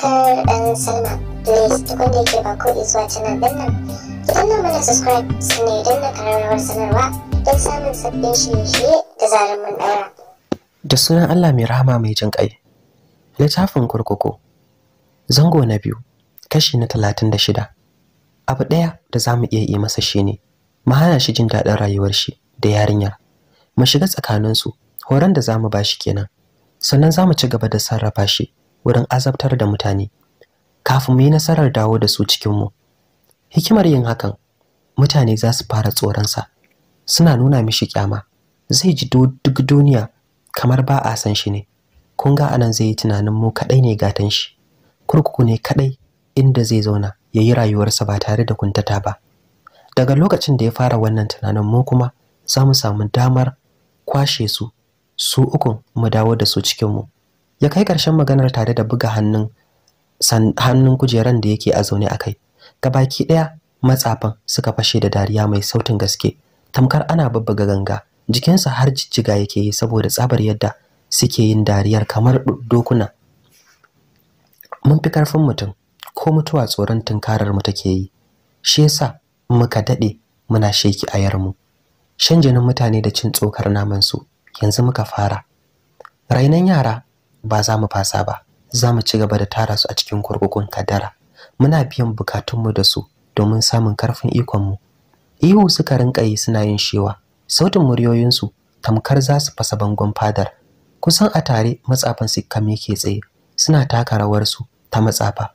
subscribe and sign up. da subscribe sanarwa don samun sabbin shirye-shirye da zarar mun ɗaura. Da sunan Allah mai rahama mai jin ƙai. Littafin kurkuku. Zango na biyu, kashi na talatin da shida. Abu ɗaya da za mu iya yi masa shi ne, mu hana shi jin daɗin rayuwar shi da yarinyar. Mu shiga tsakaninsu, horon da za mu ba shi kenan. Sannan za mu ci gaba da sarrafa shi wurin azabtar da mutane kafin mu yi nasarar dawo da su cikinmu hikimar yin hakan mutane za su fara tsoronsa suna nuna mishi kyama zai ji duk duniya kamar ba a san shi ne kun ga anan zai yi tunanin mu kaɗai ne gatan shi kurkuku ne kaɗai inda zai zauna ya yi rayuwarsa ba tare da kuntata ba daga lokacin da ya fara wannan tunanin mu kuma za mu samu damar kwashe su su ukun mu dawo da su cikinmu ya kai ƙarshen maganar tare da buga hannun hannun kujeran da yake a zaune a kai baki ɗaya matsafan suka fashe da dariya mai sautin gaske tamkar ana babbaga ganga jikinsa har jijjiga yake yi saboda tsabar yadda suke yin dariyar kamar dokuna mun fi karfin mutum ko mutuwa tsoron tunkarar mu take yi shi yasa muka daɗe muna sheki ayar mu shan jinin mutane da cin tsokar naman yanzu muka fara rainan yara ba za mu fasa ba za mu ci gaba da tara su a cikin kurkukun kadara muna biyan bukatunmu da su domin samun karfin ikonmu ihu suka rinka yi suna yin shewa sautin muryoyinsu tamkar za su fasa bangon fadar kusan a tare matsafan sikkame ke tsaye suna taka rawarsu ta matsafa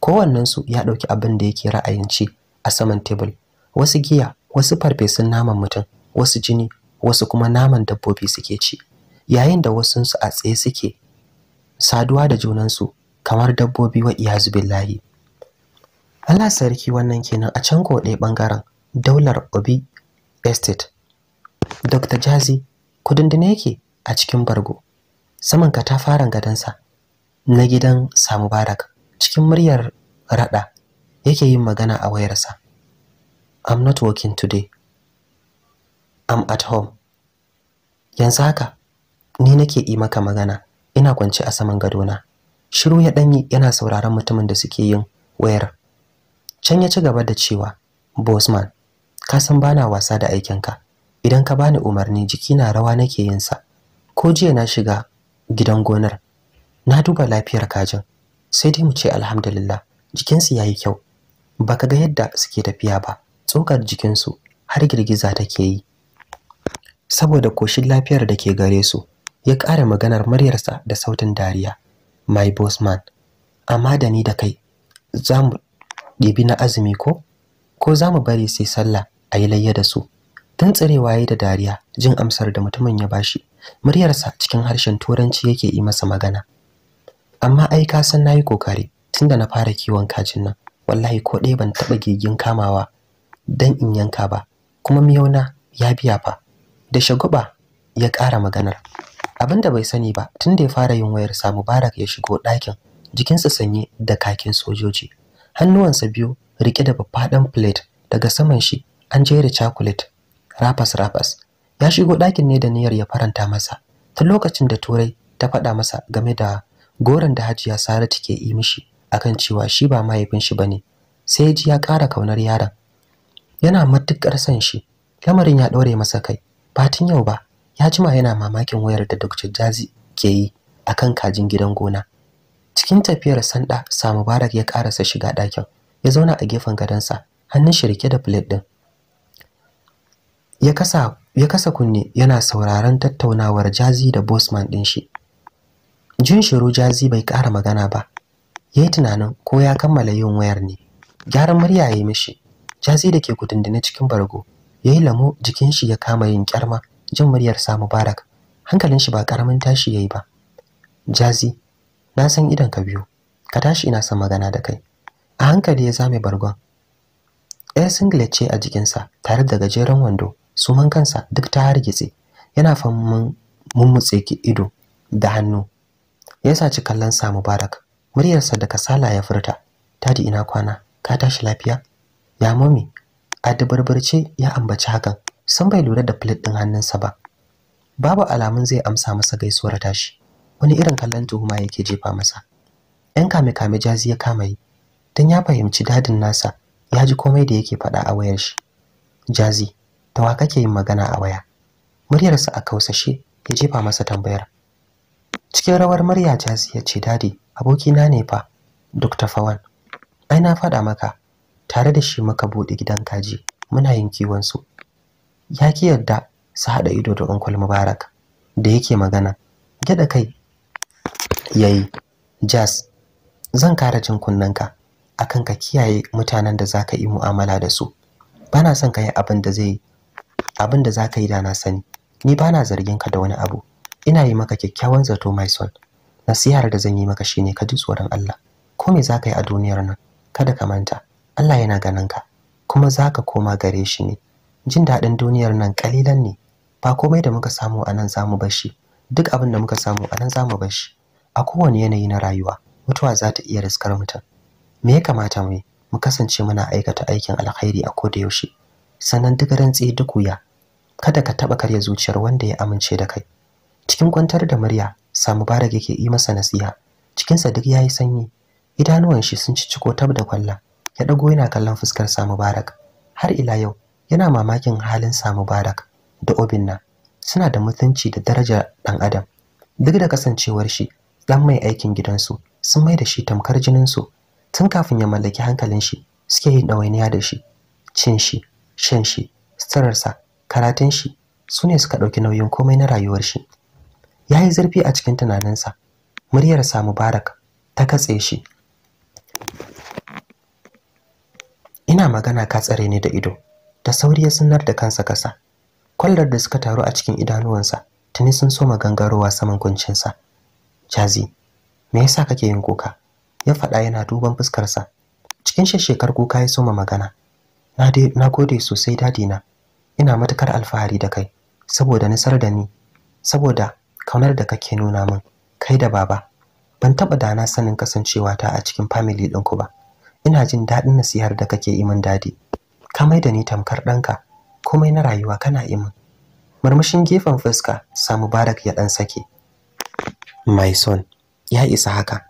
kowannensu ya ɗauki abin da yake ra'ayin ci a saman tebul wasu giya wasu farfesun naman mutum wasu jini wasu kuma naman dabbobi suke ci yayin da wasunsu a tsaye suke saduwa da junansu kamar dabbobi wa iyazu billahi Allah sarki wannan kenan a can ko ɓangaren daular Obi Estate Dr. Jazi kudindine yake a cikin bargo saman katafaren gadansa na gidan Samu Barak cikin muryar rada yake yin magana a wayarsa I'm not working today I'm at home yanzu haka ni nake yi maka magana ina kwance a saman gadona shiru ya danyi yana sauraron mutumin da suke yin wayar can ya ci gaba da cewa bosman ka san bana wasa da aikinka idan ka bani umarni jiki na rawa nake yin sa ko jiya na shiga gidan gonar na duba lafiyar kajin sai dai mu ce alhamdulillah jikinsu yayi kyau baka ga yadda suke tafiya ba tsokar jikinsu har girgiza take yi saboda koshin lafiyar da ke gare su ya ƙara maganar muryarsa da sautin dariya my boss man amma da ni da kai za mu ɗibi na azumi ko ko za mu bari sai sallah a yi layya da su Tun tsirewa da dariya jin amsar da mutumin ya bashi muryarsa cikin harshen turanci yake yi masa magana amma ai ka san na yi kokari tunda na fara kiwon kajin nan wallahi ko ɗaya ban taɓa gigin kamawa dan in yanka ba kuma miyauna ya biya fa da shagwaba ya ƙara maganar abin da bai sani ba tun da ya fara yin wayar sa mubarak ya shigo ɗakin jikinsa sanye da kakin sojoji hannuwansa biyu riƙe da faffaɗan plate daga saman shi an jera chocolate rapas-rapas ya shigo ɗakin ne da niyyar ya faranta masa tun lokacin da turai ta faɗa masa game da goron da hajiya saratu ke yi mishi akan cewa shi ba mahaifin shi bane sai ya ji ya ƙara kaunar yaron yana matuƙar son shi lamarin ya ɗaure masa kai ba yau ba ya jima yana mamakin wayar da Dr. Jazi ke yi a kan kajin gidan gona cikin tafiyar sanda sa Mubarak ya karasa shiga ɗakin ya zauna a gefen gadonsa hannun shirke da plate ɗin. ya kasa kunne yana sauraron tattaunawar Jazi da Bosman ɗin shi jin shiru Jazi bai ƙara magana ba Ya yi tunanin ko ya kammala yin wayar ne gyaran murya yi mishi Jazi da ke na cikin bargo ya yi lamo jikin shi ya kama yin kyarma jin sa, mubarak hankalin shi ba karamin tashi yayi ba jazi na san idan ka biyo ka tashi ina son magana da kai a hankali ya zame bargon ɗaya singlet ce a jikinsa tare da gajeren wando suman kansa duk ta hargitse yana famin mummutse ki ido da hannu ya saci kallon sa mubarak muryarsa da kasala ya furta tadi ina kwana ka tashi lafiya ya mami a dabarbarce ya ambaci hakan Sun bai lura da plate ɗin hannunsa ba babu alamun zai amsa masa gaisuwar tashi wani irin kallon tuhuma yake jefa masa yan kame kame jazi ya kama yi dan ya fahimci dadin nasa ya ji komai da yake faɗa a wayar shi jazi ta wa kake yin magana a waya muryarsa a kausashe ya jefa masa tambayar cikin rawar murya jazi ya ce dadi abokina ne fa dr fawan ai na faɗa maka tare da shi muka buɗe gidan kaji muna yin kiwon su ya ki yarda su haɗa ido da unkul Mubarak da yake magana. Gyaɗa kai yayi Jas, zan kara jin kunnenka kan ka kiyaye mutanen da za ka yi mu'amala da su. Ba na son ka yi abin da zai abin zaka yi da na sani. Ni ba na zargin ka da wani abu. Ina yi maka kyakkyawan zato mai son. Nasihar da zan yi maka shine ka ji tsoron Allah. Ko me ka yi a duniyar nan? Kada ka manta. Allah yana ganin ka kuma za ka koma gare shi ne. jin daɗin duniyar nan ƙalilan ne ba komai da muka samu a nan mu bar shi duk abin da muka samu a nan mu bar shi a kowane yanayi na rayuwa mutuwa za ta iya riskar mutum me ya kamata mu mu kasance muna aikata aikin alkhairi a koda yaushe sannan duk rantsi duk wuya kada ka taɓa karya zuciyar wanda ya amince da kai cikin kwantar da murya sa mubarak yake yi masa nasiha cikinsa duk yayi sanyi idanuwan shi sun ci ciko tab da kwalla ya ɗago yana kallon fuskar sa mubarak har ila yau yana mamakin halin sa barak da Obinna suna da mutunci da daraja dan adam duk da kasancewar shi dan mai aikin gidansu sun mai da shi tamkar jinin su tun kafin ya mallaki hankalin shi suke yin ɗawainiya da shi cin shi shan shi suturarsa karatun shi su ne suka ɗauki nauyin komai na rayuwar shi ya yi zurfi a cikin tunaninsa sa mubarak ta katse shi ina magana ka tsare ni da ido da sauri ya sanar da kansa kasa kwallar da suka taru a cikin idanuwansa tuni sun soma gangarowa saman kuncinsa jazi me yasa kake yin kuka ya faɗa yana duban fuskarsa cikin shekar kuka ya soma magana na gode sosai dadina ina matukar alfahari da kai saboda nisar da ni saboda kaunar da kake nuna min kai da baba ban taba dana sanin kasancewa ta a cikin family ɗinku ba ina jin daɗin nasihar da kake yi min dadi ka mai da ni tamkar ɗanka komai na rayuwa kana yi min murmushin gefen fuska sa mubarak ya ɗan sake Mai son ya isa haka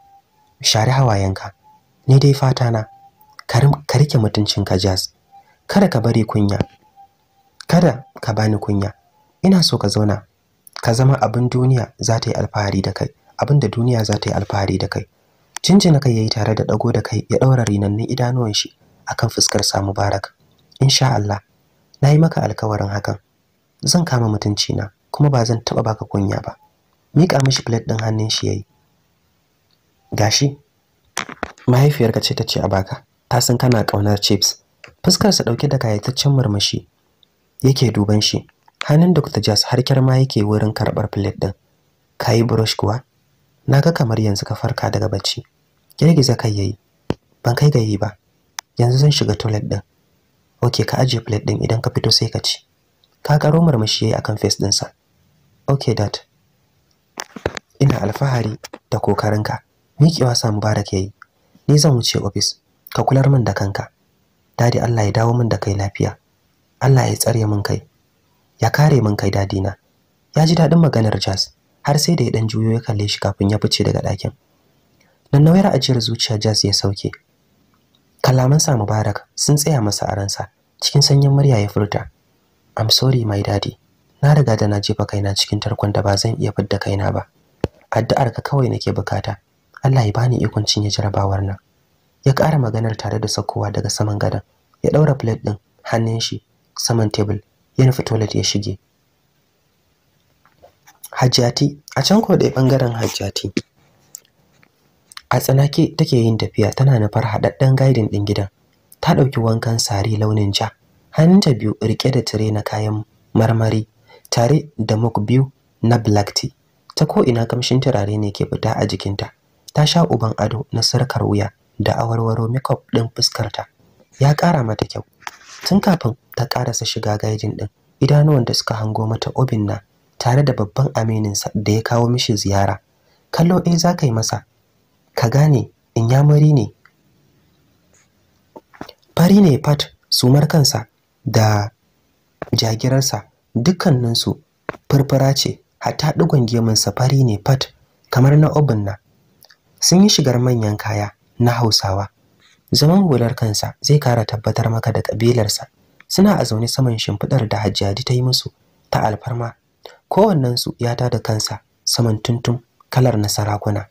share hawayenka ni dai fata na ka rike ka jazz kada ka bari kunya kada ka bani kunya ina so ka zauna ka zama abin duniya za ta yi alfahari da kai abin da duniya za ta yi alfahari da kai jinjina kai yayi tare da ɗago da kai ya ɗaura rinannun idanuwan shi akan fuskar sa mubarak insha Allah na yi maka alkawarin hakan zan kama mutunci na kuma ba zan taba baka kunya ba mika mishi plate din hannun shi yayi gashi mahaifiyarka ce ta ce a baka ta san kana kaunar chips fuskarsa dauke da kayataccen murmushi yake duban shi hannun Dr. Jazz har ma yake wurin karbar plate din kai brush kuwa naga kamar yanzu ka farka daga bacci girgiza kai yayi ban kai ga yi ba yanzu zan shiga toilet din okay ka aje plate din idan ka fito sai ka ci ka karo marmashi yayi akan face ɗinsa. okay dad ina alfahari da kokarinka miƙewa sa mubarak yayi ni zan wuce office ka kular min da kanka dadi Allah ya dawo min da kai lafiya Allah ya tsare min kai ya kare min kai dadi na ya ji dadin maganar Jazz har sai da ya dan juyo ya kalle shi kafin ya fice daga ɗakin nan nauyar ajiyar zuciya Jazz ya sauke kalaman sa mubarak sun tsaya masa a cikin sanyin murya ya furta I'm sorry my daddy na riga da na jefa kaina cikin tarkon da ba zan iya fidda kaina ba addu'ar ka kawai nake bukata Allah ya bani ikon ya jarabawar nan ya ƙara maganar tare da sakowa daga saman gadon ya daura plate din hannun shi saman table ya nufi toilet ya shige Hajjati a can ko dai bangaren Hajjati a tsanake take yin tafiya tana nufar haɗaɗɗen gaidin ɗin gidan ta ɗauki wankan sari launin ja hannunta biyu riƙe da tire na kayan marmari tare da muk biyu na black tea ta ko'ina ina kamshin turare ne ke fita a jikinta ta sha uban ado na sarkar wuya da awarwaro makeup ɗin fuskarta ya ƙara mata kyau tun kafin ta ƙarasa shiga gajin ɗin idanuwan da suka hango mata obin na tare da babban amininsa da ya kawo mishi ziyara kallo ɗaya za ka yi masa ka gane in yamuri ne fari ne fat sumar kansa da jagirarsa dukkaninsu furfura ce hatta ɗigon gemunsa fari ne fat kamar na Obunna. sun yi shigar manyan kaya na hausawa zaman hular kansa zai kara tabbatar maka da ƙabilarsa suna a zaune saman shimfiɗar da hajjadi ta yi musu ta alfarma kowannensu ya da kansa saman tuntun kalar na sarakuna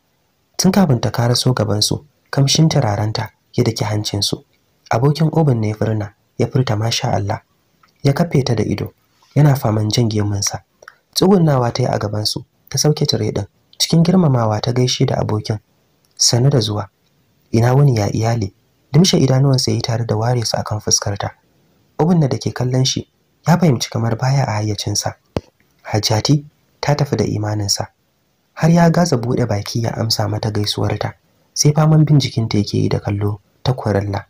tun kafin ta so gabansu kamshin turarenta ya daki hancinsu abokin oban ne furna ya furta masha Allah ya kafe ta da ido yana faman jan sa tsugunnawa ta yi a gabansu ta sauke tire din cikin girmamawa ta gaishe da abokin sanu da zuwa ina wani ya iyali dimshe sa yi tare da ware su akan fuskarta obin da ke kallon shi ya fahimci kamar baya a hayyacinsa hajjati ta tafi da imanin sa har ya gaza bude baki ya amsa mata gaisuwarta sai faman bin ta yake yi da kallo ta kwarella.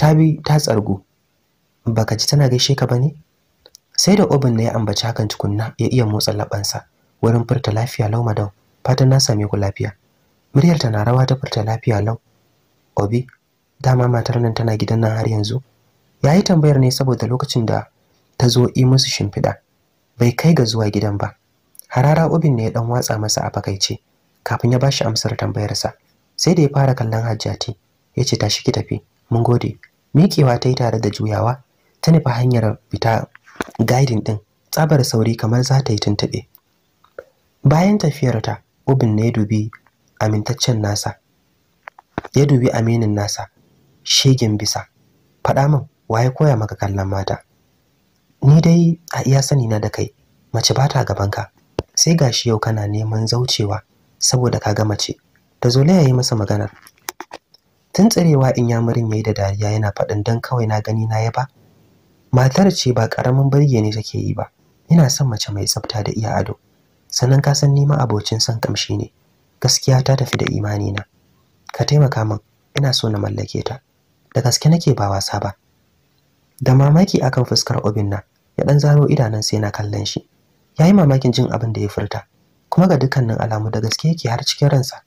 ta bi ta tsargu baka ji tana gaishe ka ba ne? sai da obin ne ya ambaci hakan tukunna ya iya motsa labansa wurin furta lafiya lau madau fatan na same ku lafiya muryar ta na rawa ta furta lafiya lau obi dama matar nan tana gidan nan har yanzu yayi tambayar ne saboda lokacin da ta zo yi musu shimfiɗa bai kai ga zuwa gidan ba harara obin ne ya dan watsa masa a fakaice kafin ya bashi amsar tambayarsa sai da ya fara kallon hajjati ya ce tashi ki tafi mun gode Mikewa ta yi tare da juyawa ta nufi hanyar fita gaidin ɗin tsabar sauri kamar za ta yi tuntuɓe bayan tafiyarta ubin na ya dubi amintaccen nasa ya dubi aminin nasa shegen bisa faɗa min wa ya koya maka kallon mata ni dai a iya sani na da kai mace ba ta gabanka sai gashi yau kana neman zaucewa saboda ka ga mace da zolaya yi masa maganar tun tsarewa in ya murin ya yi da dariya yana faɗin don kawai na gani na ya ba matar ce ba ƙaramin birge ne take yi ba ina son mace mai tsafta da iya ado sannan ka san nima abocin son kamshi ne gaskiya ta tafi da imani na ka taimaka min ina so na mallake ta da gaske nake ba wasa ba da mamaki akan fuskar obinna ya dan zaro idanun sai na kallon shi Ya yi mamakin jin abin da ya furta kuma ga dukkanin alamu da gaske yake har cikin ransa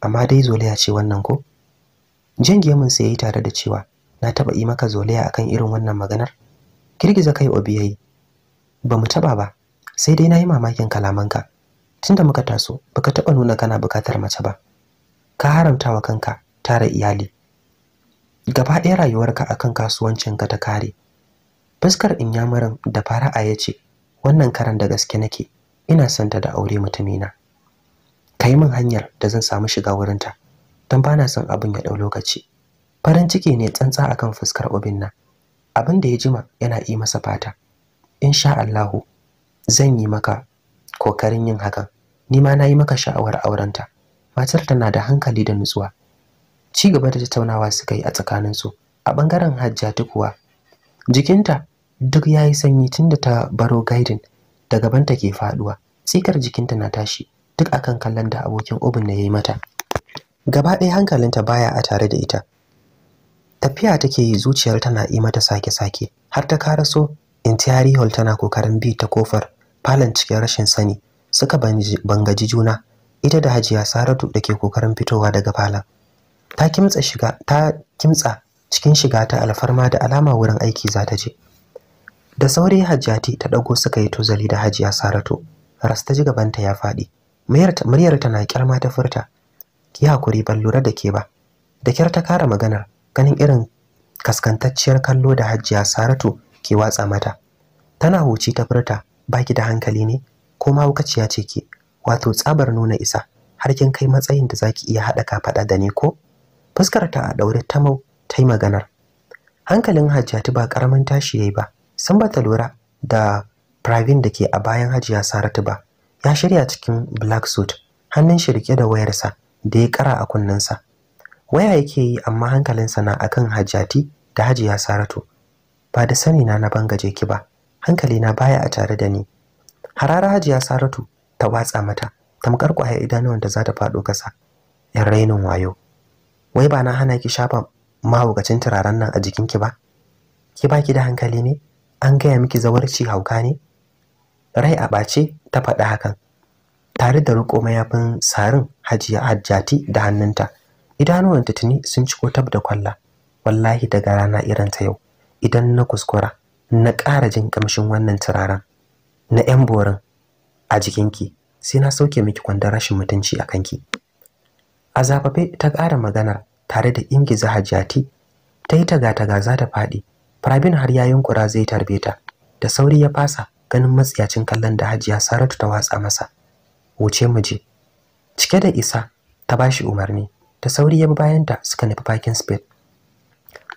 amma dai zoliya ce wannan ko jan gemun sa tare da cewa na taba yi maka zolaya akan irin wannan maganar girgiza kai obi yayi ba mu taba ba sai dai nayi mamakin kalamanka tunda muka taso baka taba nuna kana bukatar mace ba ka haramtawa kanka tare iyali gaba ɗaya rayuwarka akan kasuwancin ka ta kare fuskar inyamuran da fara'a ya ce wannan karan da gaske nake ina santa da aure mutumina ka yi min hanyar da zan samu shiga wurinta don bana son abin ya ɗau lokaci farin ciki ne tsantsa akan fuskar obinna abin da ya jima yana yi masa fata insha Allahu zan yi maka kokarin yin hakan ni ma na yi maka sha'awar aurenta matar tana da hankali da nutsuwa ci gaba da tattaunawa suka yi a tsakaninsu a ɓangaren hajja kuwa jikinta duk ya yi sanyi tunda ta baro gaidin da gabanta ke faduwa tsikar jikinta na tashi duk akan kallon da abokin obin da ya yi mata gaba ɗaya hankalinta baya a tare da ita tafiya take yi zuciyar tana yi mata sake-sake har ta karaso intiyari hall tana kokarin bi ta kofar falon cikin rashin sani suka bangaji juna ita da hajiya saratu da ke kokarin fitowa daga falon ta kimtsa shiga ta kimtsa cikin shiga ta alfarma da alama wurin aiki za ta je da sauri hajjati ta dago suka yi tozali da hajiya saratu rasta ji gabanta ya faɗi muryar tana kyarma ta furta ki hakuri ban lura da ke ba da kyar ta kara maganar ganin irin kaskantacciyar kallo da hajjiya saratu ke watsa mata tana huci ta furta baki da hankali ne ko ma ce ke wato tsabar nuna isa har kin kai matsayin da zaki iya haɗa kafaɗa da ni ko fuskar ta a ɗaure ta mau ta yi maganar hankalin hajjati ba karamin tashi yayi ba san ba ta lura da Pravin da ke a bayan hajiya saratu ba ya shirya cikin black suit hannun shirke da wayarsa da ya kara a kunnensa waya yake yi amma hankalinsa na akan hajjati da hajiya saratu ba da sani na na bangaje ki ba hankali na baya a tare da ni harara hajiya saratu ta watsa mata tamkar kwaya idanuwan da za ta faɗo ƙasa yan rainin wayo wai ba na hana ki shafa mahaukacin turaren nan a jikinki ba ki ba ki da hankali ne an gaya miki zawarci hauka ne rai a ɓace ta faɗi hakan tare da riko mayafin sarin hajiya hajjati da hannunta idanuwanta tuni sun ciko tab da kwalla wallahi daga rana irin ta yau idan na kuskura na ƙara jin kamshin wannan turaren na yan borin a jikinki sai na sauke miki kwandon rashin mutunci a kanki a zafafe ta ƙara maganar tare da ingiza hajjati ta yi taga-taga za ta faɗi Farabin har ya yunkura zai tarbe ta da sauri ya fasa ganin matsiyacin kallon da Hajiya Saratu ta watsa masa. wuce mu je cike da isa ta bashi umarni ta sauri ya bi bayanta suka nufi bakin spade.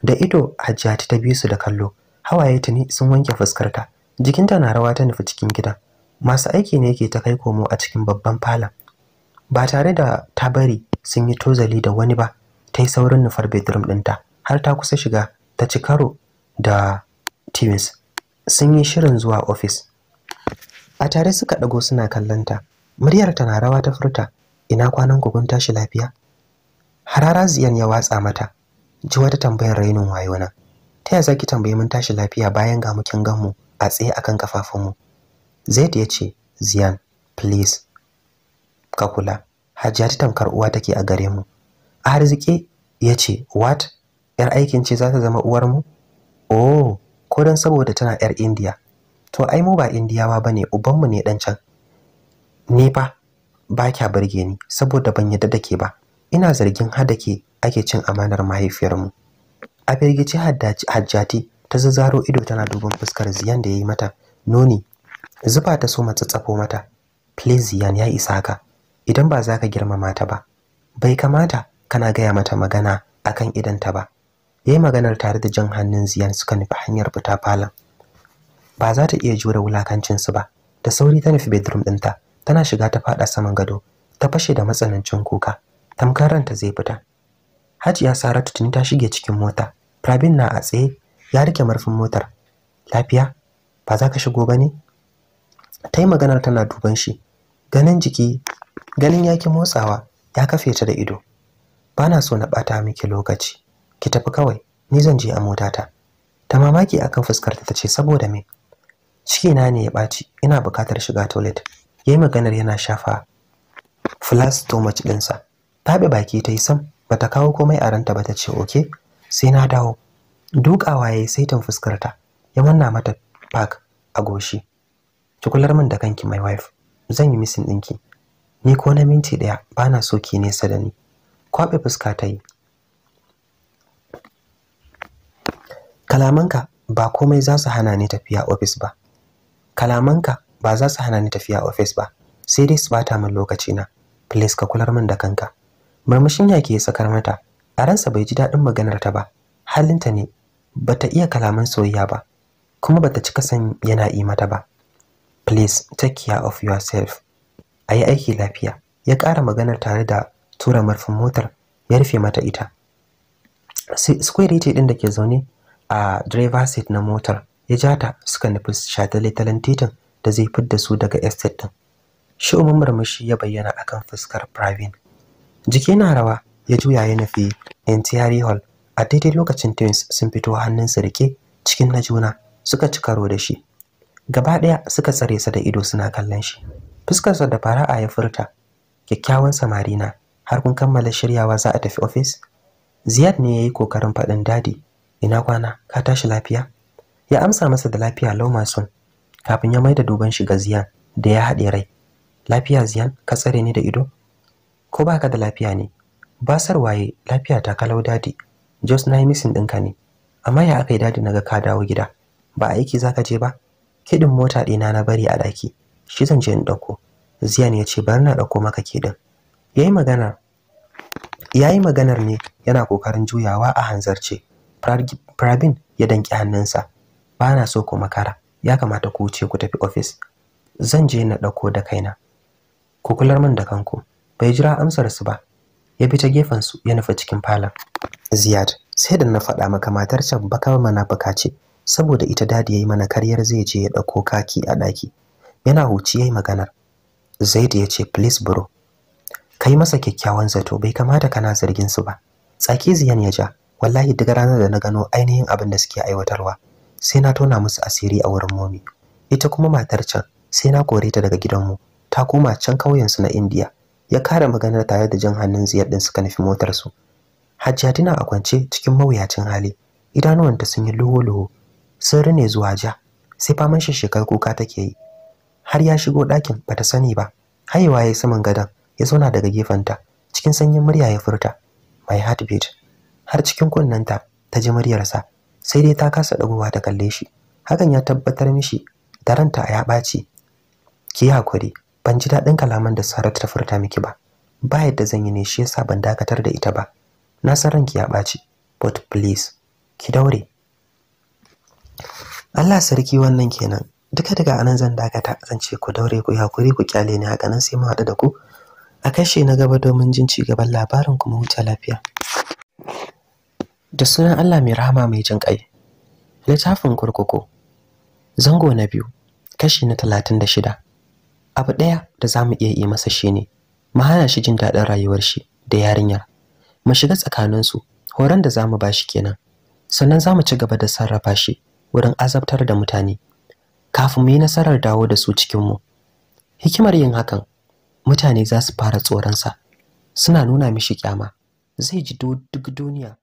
da ido hajjati ta biyu su da kallo hawaye tuni sun wanke fuskarta jikinta na rawa ta nufi cikin gida masu aiki ne ke ta kai komo a cikin babban falon ba tare da ta bari sun yi tozali da wani ba ta yi saurin nufar bedroom ɗinta har ta kusa shiga ta ci karo da twins sun yi shirin zuwa ofis a tare suka ɗago suna kallonta muryar ta na rawa ta furta ina kwanan ku kun tashi lafiya harara ziyan ya watsa mata ji wata tambayar rainon wayo na ta yaya ki tambaye mun tashi lafiya bayan ga mukin ganmu a tsaye akan kafafunmu zaid ya ce ziyan please ka kula ta tamkar uwa take a gare mu arziki ya ce what yar aikin ce za ta zama uwar mu oh ko don saboda tana yar indiya to ai mu ba indiyawa bane ubanmu ne dan can ni ba ba kya burge ni saboda ban yadda da ke ba ina zargin hada ke ake cin amanar mahaifiyarmu a firgici hajjati ta zazzaro ido tana duban fuskar ziyan da ya yi mata noni zuba ta so matsatsafo mata please ziyan ya isa ka, idan ba za ka girmama ta ba bai kamata kana gaya mata magana akan idanta ba yayi maganar tare da jan hannun ziyan suka nufi hanyar fita falon ba za ta iya jure wulakancin su ba da sauri ta nufi bedroom ɗinta tana shiga ta fada saman gado ta fashe da matsanancin kuka tamkar ranta zai fita Hajiya Saratu tuni ta shige cikin mota Rabin na a tsaye ya rike marfin motar lafiya ba za ka shigo ba ne ta yi maganar tana duban shi ganin jiki ganin yaki motsawa ya kafe ta da ido ba na so na bata miki lokaci ki tafi kawai ni zan je a motata ta mamaki akan fuskarta ta ce saboda me ciki na ne ya ɓaci ina buƙatar shiga toilet yayi maganar yana shafa flash stomach ɗinsa taɓe baki ta yi sam bata kawo komai a ranta ba ta ce oke sai na dawo dukawa yayi saitin fuskarta ya manna mata pack a goshi tukular min da kanki my wife zan yi misin dinki. ni ko na minti ɗaya bana so ki nesa da ni kwaɓe fuska ta yi kalamanka ba komai za su hana ni tafiya ofis ba kalamanka ba za su hana ni tafiya ofis ba sai dai su bata min lokaci na please ka kular min da kanka murmushin yake ya sakar mata a bai ji daɗin maganar ta ba halinta ne bata iya kalaman soyayya ba kuma bata cika son yana yi mata ba please take care of yourself a yi aiki lafiya ya ƙara maganar tare da tura marfin motar ya rufe mata ita square ce ɗin da ke zaune a driver seat na motar ya ja ta suka nufi shataletalen titin da zai fidda su daga estate din shi umar murmushi ya bayyana akan fuskar Pravin jiki na rawa ya juya ya nufi Entry Hall a daidai lokacin twins sun fito hannun rike cikin na juna suka ci karo da shi gaba ɗaya suka tsare sa da ido suna kallon shi fuskarsa da fara'a ya furta kyakkyawan samarina har kun kammala shiryawa za a tafi ofis ziyad ne ya yi kokarin faɗin dadi ina kwana ka tashi lafiya ya amsa masa da lafiya lau masun kafin ya maida duban shi ga Ziyan da ya haɗe rai. Lafiya Ziyan, ka tsare ni da ido? Ko baka da lafiya ne? Basar waye, lafiya ta kalau dadi. Jos na yi misin ɗinka ne. Amma ya aka yi dadi ga ka dawo gida. Ba aiki zaka je ba? Kiɗin mota ɗina na bari a ɗaki. Shi zan je in ɗauko. Ziyan ya ce bari na ɗauko maka kiɗin. yi magana yi maganar ne yana kokarin juyawa a hanzarce. Pravin ya danki hannunsa. na so ku makara. ya kamata ku wuce ku tafi ofis zan je na dauko da kaina ku kular min da kanku bai jira amsar su ba ya bi ta gefen su ya nufa cikin falon ziyad sai da na faɗa maka matar can baka manafuka ce saboda ita dadi yayi mana karyar zai je ya dauko kaki a daki. yana huci yayi maganar zaid ya ce please bro kai masa kyakkyawan zato bai kamata kana zargin su ba tsaki ziyan ya ja wallahi duk ranar da na gano ainihin abin da suke aiwatarwa sai na tona musu asiri a wurin momi ita kuma matar can sai na kore ta daga gidanmu ta koma can kauyen su na India ya kare maganar tare da jan hannun ziyar din suka nufi motar su Hajiya tana a kwance cikin mawuyacin hali idanuwanta sun yi luwo-luwo sun rine zuwa ja sai faman shekar kuka take yi har ya shigo ɗakin bata sani ba haiwa ya yi saman gadon ya zauna daga gefenta cikin sanyin murya ya furta my heartbeat har cikin kunnenta ta ji muryarsa sai dai ta kasa dagowa ta kalle shi hakan ya tabbatar mishi Daranta ranta ya ɓaci ki hakuri ban ji daɗin kalaman da Sarat ta furta miki ba ba yadda zan yi ne shi yasa ban dakatar da ita ba na san ranki ya baci but please ki daure Allah sarki wannan kenan duka daga anan zan dakata zan ce ku daure ku hakuri ku kyale ni haka nan sai mu hada da ku a kashe na gaba domin jin ci gaban labarin kuma huta lafiya da sunan Allah mai rahama mai jin ƙai littafin kurkuku zango na biyu kashi na talatin da shida abu ɗaya da za mu iya yi masa shi ne. mu hana shi jin daɗin rayuwar shi da yarinya. mu shiga tsakaninsu horon da za mu ba shi kenan sannan za mu ci gaba da sarrafa shi wurin azabtar da mutane kafin mu yi nasarar dawo da su cikinmu hikimar yin hakan mutane za su fara tsoronsa suna nuna mishi kyama zai ji duk duniya